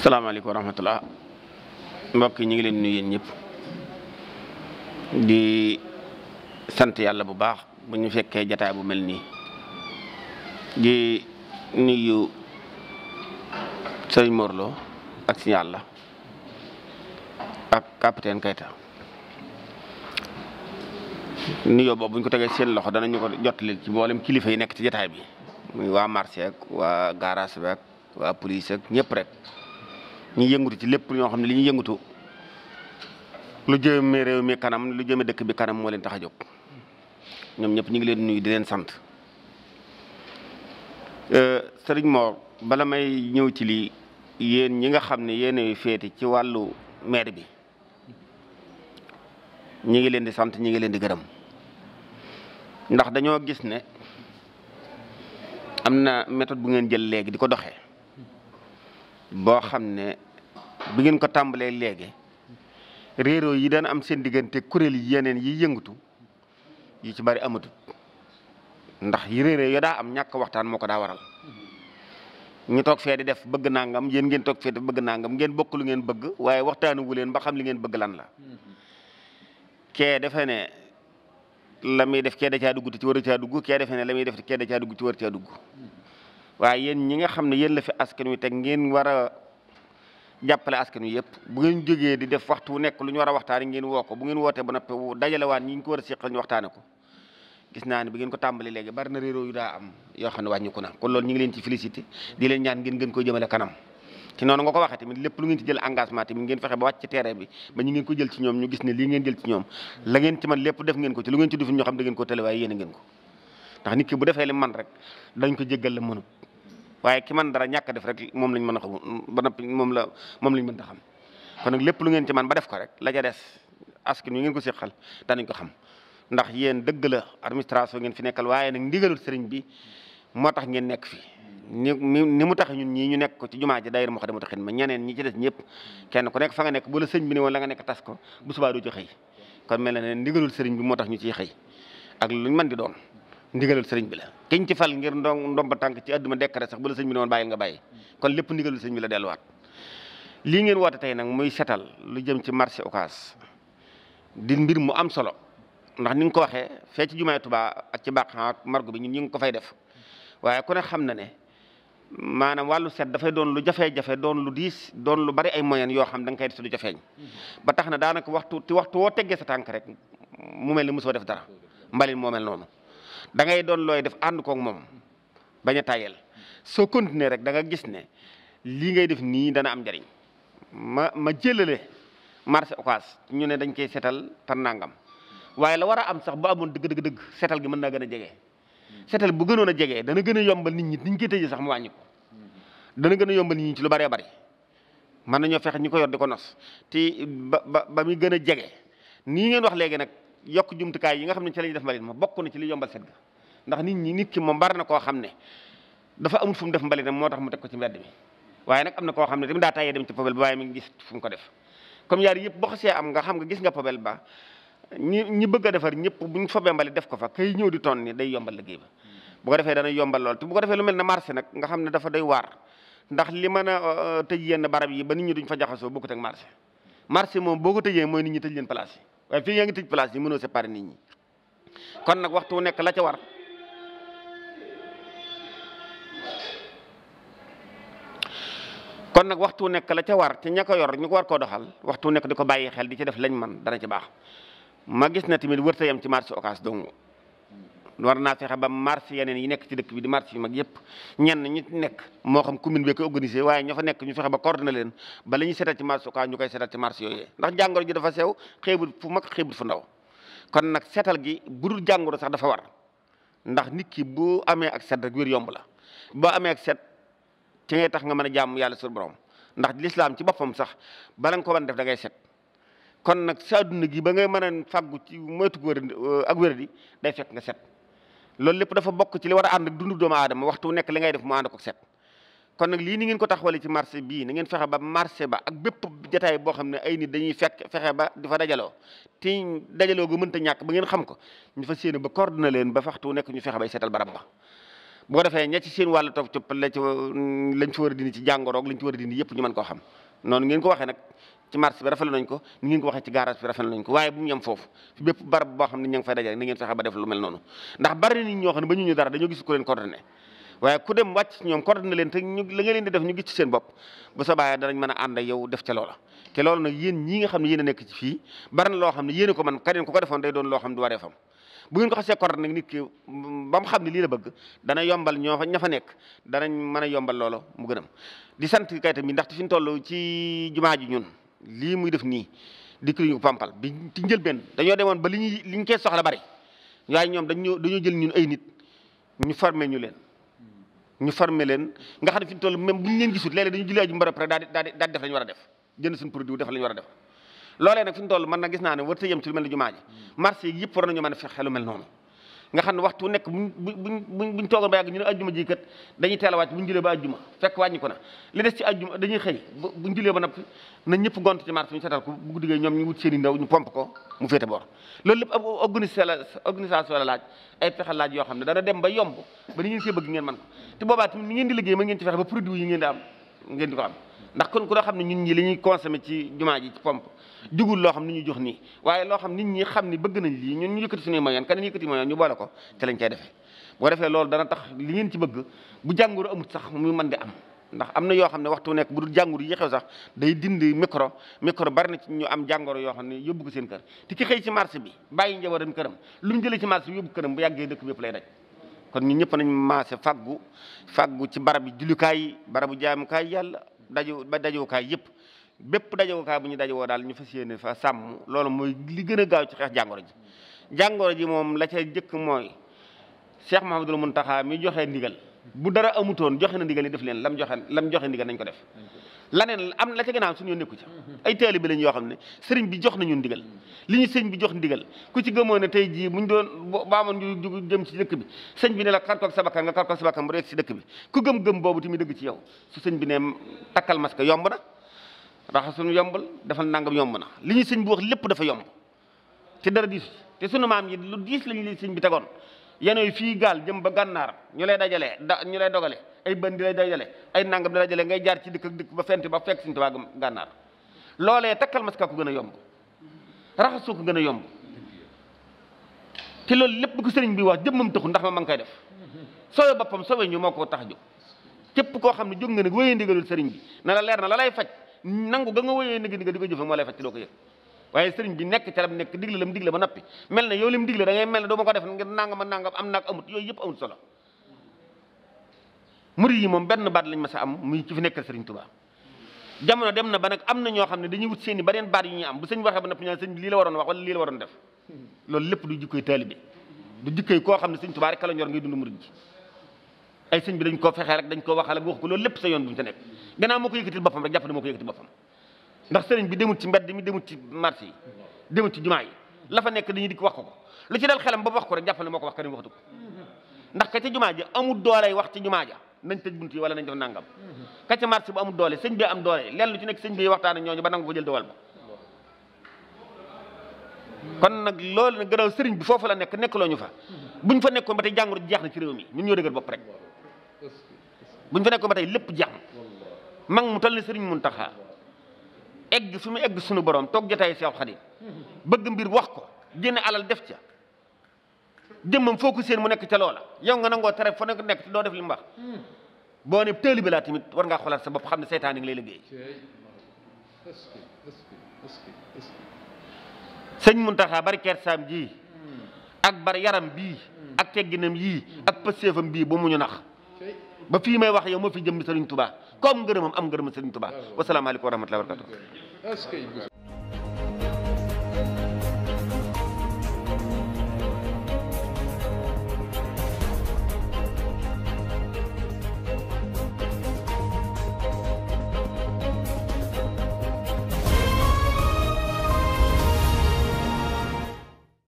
salaamaaleykum wa rahmatullah mbokk yi ñu ngi leen nuyu yéen ñëpp di sant yàlla bu baax bu ñu fekkee jataay bu mel nii di nuyu sëñ Morlo ak si yàlla ak capitaine Kayta nuyoo boobu bu ñu ko tegee seen loxo danañu ko jottali ci mboolem kilifa yi nekk ci jataay bi muy waa marché ak waa garage bi ak waa police ak ñëpp rek. ñu yëngatu ci lépp ñoo xam ne li ñu yëngatu lu jëmee réew mi kanam lu jëmee dëkk bi kanam moo leen tax a jóg ñoom ñëpp ñu ngi leen nuy di leen sant euh, sëriñ Mor bala may ñëw ci lii yéen ñi nga xam ne yéen féete ci wàllu maire bi ñu ngi leen di sant ñu ngi leen di gërëm ndax dañoo gis ne am na méthode bu ngeen jël léegi di ko doxee. boo xam ne bi ngeen ko tàmbalee léegi réeroo yi daan am seen diggante kuréel yeneen yi yëngatu yi ci bari amatut ndax yi réeroo am ñàkk waxtaan moo ko daa waral ñu toog fee di def bëgg nangam yéen ngeen toog bëgg nangam ngeen bokk lu ngeen bëgg waaye waxtaanu wu leen ba xam li ngeen bëgg lan la kee defe ne la muy def kee da caa dugg te ci war a caa dugg kee defe ne la muy def kee da caa dugg ci war a caa dugg waaye yéen ñi nga xam ne yéen la fi askan wi te ngeen war a jàppale askan wi yëpp bu ngeen jógee di def waxtu wu nekk lu ñu war a waxtaanee ngeen woo ko bu ngeen wootee ba noppi dajale waat ñi ko war a seqal naa ne bu ngeen ko tàmbali léegi bari na réeróo yu xam ne wàññiku na kon leen ci félicité di leen ñaan ngeen gën ko jëmale kanam ci noonu nga ko waxee tamit lépp lu ngeen ci jël engagement tamit ngeen fexe ba wàcc ci terrain bi ba ñu ngeen ko jël ci ñoom ñu gis ne lii ngeen jël ci ñoom la ngeen ci man lépp def ngeen ko ci lu ngeen ci dufin ñoo xam da ngeen ko télé waaye yéen a ngeen ko ndax nit ki bu man rek dañ ko jéggal la mënut waaye ki man dara ñàkk def rek moom lañ mën a xam ba noppi moom la moom lañ mën a xam kon nag lépp lu ngeen ci man ba def ko rek la ja des askan wi ngeen ko seqal danañ ko xam ndax yéen dëgg la administration ngeen fi nekkal waaye nag ndigalul sëriñ bi moo tax ngeen nekk fi ni ni mu tax ñun ñii ñu nekk ko ci jumaa ji daayira Moukhaddamatoul Khidma ñeneen ñi ci des ñëpp kenn ku nekk fa nga nekk bu la sëñ bi ne woon nga nekk tas ko bu subaa du ci xëy kon mel ne ndigalul sëriñ bi moo tax ñu ciy xëy ak lu ñu mën di doon ndigalul sëriñ bi la kiñ ci fal ngir ndom ndomba tànk ci adduma dekkare sax bu la sëñ bi ne woon nga bàyyi kon lépp ndigalul sëñ bi la delluwaat lii ngeen woote tey nag muy setal lu jëm ci marché Ocass di mbir mu am solo ndax ni nga ko waxee fee ci jumaay Tuubaa ak ci bàqan margo bi ñun ñu ngi ko fay def waaye ku ne xam na ne maanaam wàllu set dafay doon lu jafe doon lu diis doon lu bari ay moyen yoo xam da nga koy def lu jafeeñ mm-hmm. tax na daanaka waxtu woo teggee sa tànk rek mu mel ni mosoo def dara mbalin moo mel noonu da ngay doon looy def ànd koog moom bañ a tàyyel soo continuer rek da nga gis ne lii ngay def nii dana am njariñ ma ma jëlale marché occas ñu ne dañ koy setal par nangam waaye la war a am sax bu amoon dëgg dëgg dëgg setal gi mën naa gën a jege. setal bu gënoon a jege dana gën a yombal nit ñi diñ koy tëjee sax mu waa ko dana gën a yombal nit ñi ci lu bëree bëri mën nañoo fexe ñi ko yor di ko nos te ba ba ba muy gën a jege nii ngeen wax léegi nag. yokk jumtukaay yi nga xam ne ci la ñuy def mbalit ma bokk na ci li yombal set ndax nit ñi nit ki moom bari na koo xam ne dafa amul fu mu def mbalitam moo tax mu teg ko ci mbedd waaye nag am na koo xam ne tamit daa tayee dem ci poubelle gis fu ko def comme yaar yëpp boo xasee am nga xam nga gis nga poubelle ba ñi ñi bëgg a defar ñëpp buñ fobee def ko fa kay ñëw di ton ni day yombal liggéey ba ko defee dana yombal bu ko defee lu mel ne marché nag nga xam ne dafa day waar ndax li mën a uh, uh, tëj yenn barab yi ba nit ñi duñ fa jaxasoo ko ak marché marché moom boo ko tëjee mooy nit ñi tëj leen place fii yaa ngi tëj place yi mënoo séparer nit ñi kon nag waxtu wu nekk la ca war kon nag waxtu nekk la ca war ci ña ko yor ñu ko war koo doxal waxtu nekk di ko bàyyi xel di ci def lañ man dana ci baax ma gis na tamit wërta yem ci marché Ocass dong war naa fexe ba marché yeneen yi nekk ci dëkk bi di marché yu mag yëpp ñenn ñu nekk moo xam commune bi ko organisé waaye ña fa nekk ñu fexe ba coordonné leen ba la ñuy seetal ci marché ukaa ñu koy seetal ci marché yooyu ndax jàngoro ji dafa sew xeebul fu mag xeebul fu ndaw kon nag seetal gi bu dul jàngoro sax dafa war ndax nit ki bu amee ak set rek wér yomb la boo amee ak set ci ngay tax nga mën a jàmm yàlla sur borom ndax lislaam ci boppam sax bala nga ko mën def da ngay set kon nag sa adduna gi ba ngay mën a fàggu ci moytu ko wér euh, ak wér di day fekk nga set loolu lépp dafa bokk ci li war a ànd ak dundu doomu aadama waxtu nekk li ngay def mu ànd ko set kon nag lii ni ngeen ko taxawale ci marché bii na ngeen fexe ba marché ba ak bépp jataay boo xam ne ay nit dañuy fekk fexe ba di fa dajaloo te dajaloo gu mënta ñàkk ba ngeen xam ko ñu fa yéene ba coordonné leen ba waxtu nekk ñu fexe bay seetal barab ba bu ko defee ña ci seen wàllu topp ci la ci lañ ci war dindi ci jàngoroog lañ ci war a dindi yëpp ñu mën koo xam noonu ngeen ko waxee nag ci marché bi rafetlu nañ ko ni ngeen ko waxee ci garage bi rafetlu nañ ko waaye bu mu yem foofu fi bépp barab boo xam ne ña ngi fay daje rek na ngeen noonu ndax bari nit ñoo ba ñu ñu dara dañoo leen ñu di def ñu gis ci seen bopp bu sa bàyyee danañ mën a ànd ak yow def ca loola te loolu nag yéen ñii nga xam ne yéen nekk ci fii bari na loo xam ne yéen ko man keneen ku ko defoon day doon loo xam ne du waree fam bu ngeen ko xasee coordonné nit ki ba xam ne lii la bëgg dana yombal ñoo fa fa nekk danañ mën a yombal loola mu gënam di sant kayitam yi ndax fi ñu toll ci jumaa ji ñun lii muy def nii dikk ñu ko pampal bi ci njëlbeen dañoo demoon ba li ñuy li ñu koy soxla bari waaye ñoom dañoo jël ñun ay nit ñu formé ñu leen. ñu formé leen nga xam ne fi ñu bu ñu leen gisut léeg dañu julli ajum ba def la war a def jënd suñu produit def la ñu war a def loolee nag fi ñu man nag gis naa ne warut a yem ci lu mel ne jumaa ji hmm. marché yi war nañu mën a fexe lu mel noonu nga xam ne waxtu nekk buñ buñ buñ toogoon ba yàgg ñu ne ajjuma ji kat dañuy teel a wàcc buñ julee ba ajjuma fekk wàññi ko na li des ci ajjuma dañuy xëy buñ julee ba noppi na ñëpp gont ci marché ñu seetal ko bu guddi ñoom ñu wut seen i ndaw ñu pomp ko mu féete boor loolu lépp organisation la laaj ay pexe laaj yoo xam ne dana dem ba yomb ba ni ngeen see bëgg ngeen man ko te boobaa tamit ni ngeen di liggéey mën ngeen ci fexe ba produit yi ngeen di am ko am ndax kon ku loo xam ne ñun ñi li ñuy consommé ci jumaa ji ci pompe jugul loo xam ni ñu jox nii waaye loo xam nit ñi xam ni bëgg nañ lii ñu ñu yëkkati suñuy moyen keneen yëkkati moyen ñu boole ko ci lañ cay defee boo dana tax li ngeen ci bëgg bu jàngoro amut sax mu mën am ndax am na yoo xam ne waxtu nekk bu dul jàngoro yi xew sax day dindi micro micro bari na ci ñu am jàngoro yoo xam ne yóbbu ko seen kër te ki xëy ci marché bi bàyyi njabootam këram lu mu jëlee ci marché bi bu yàggee dëkk bi yëpp lay daj kon ñun ñëpp nañ maase fàggu fàggu ci barab yi jullukaay yi barabu jaamukaay yàlla daju ba dajukaay yëpp bépp dajukaay bu ñu dajewoo daal ñu fas yéene fa sàmm loolu mooy li gën a gaaw ci xeex jàngoro ji jàngoro ji moom la ca njëkk mooy Cheikh Mahamadul Muntaxa mi joxe ndigal bu dara amutoon joxe na ndigal yi def leen lam joxe lam joxe ndigal nañ ko def laneen am la ca ginnaaw suñu nekku ca ay taalibe lañ yoo xam ne sëriñ bi jox nañu ndigal li ñu sëriñ bi jox ndigal ku ci gëmoon ne tey jii muñ doon baamoon ñu jëm ci dëkk bi sëñ bi ne la karkoog sabakkan nga karkoog sabakkan bu rek ci dëkk bi ku gëm-gëm boobu tamit dëgg ci yow su sëñ bi ne takkal masque yomb na raxasuñu yombal defal nangam yomb na li ñu sëñ bi wax lépp dafa yomb te dara diisu te sunu maam yi lu diis lañu li sëñ bi tegoon yenooy fii gaal jëm ba gànnaar ñu lay dajale ñu lay dogale ay bën di lay dajale ay nangam di lay dajale ngay jaar ci dëkk ak dëkk ba fent ba fekk suñu tubaab gànnaar loolee takkal maska ko gën a yomb raxasoo ko gën a yomb te loolu lépp ko sëriñ bi wax jëmmam taxu ndax ma ma ngi koy def soowe boppam soowe ñu moo ko tax jóg képp koo xam ne jóg nga nag wéyee ndigalul sëriñ bi na la leer na la lay faj nangu ga nga wéyee ndigal di ko jëfe moo lay faj ci doo ko yëg waaye sëriñ bi nekk ca nekk digle lam digle ba na yow lim digle da ngay mel ne a nangam am murid yi moom benn baat lañ mas a am muy ci fi nekkal sëriñ Tuubaa jamono dem na ba nag am na ñoo xam ne dañuy wut seen i beneen baat yu ñuy am bu sëñ waxee ba noppi ñaan sëñ bi lii la waroon wax wala lii la waroon def loolu lépp du jikkoy taalibe du jikkoy koo xam ne sëñ Tuubaa rek kala ñor ngay dund murid koo fexee rek dañ koo waxal ak wax ko loolu lépp sa yoon bu mu ca nekk gannaaw moo ko yëkkatil boppam rek jàpp ne moo ko yëkkatil boppam ndax sëriñ bi demut ci mbedd mi demut ci marché yi demut ci jumaa la fa nekk dañuy dikk wax ko ko lu ci dal xelam ba wax ko rek jàpp ne moo ko wax ka ne waxatu ko ndax amul doolay wax ci jumaa ja nañ tëj bunt yi wala nañ def nangam ka ca marché bu doole sëñ bi am doole lenn lu ci nekk sëñ bi waxtaan ak ñooñu ba nangu ko jël dogal ba kon nag loolu nag gënal sëriñ bi foofu la nekk nekk looñu fa buñ fa nekkoon ba tey jàngoro jeex na ci réew mi ñun ñoo dëgër bopp rek buñ fa nekkoon ba tey lépp jeex ma mag mu tal ne sëriñ Muntaxa egg fi mu egg suñu borom toog jotaay Seex Xaadim bëgg mbir wax ko génne alal def ca jëmmam foo ko seen mu nekk ca loola yow nangoo tere fa nekk te doo def li mu wax boo ne tëli bi laa tamit war ngaa xoolaat sa bopp xam ne seytaan yi ngi lay liggéey sëñ Muntaxa bari kersaam ji ak bari yaram bii ak tegginam yii ak pëstéefam bii bu mu ñu nax ba fii may wax yow moo fi jëm Sëriñ Tuubaa comme ngërëmam am ngërëmam Sëriñ Tuubaa wasalaamaaleykum wa rahmatullahi wa barakatuh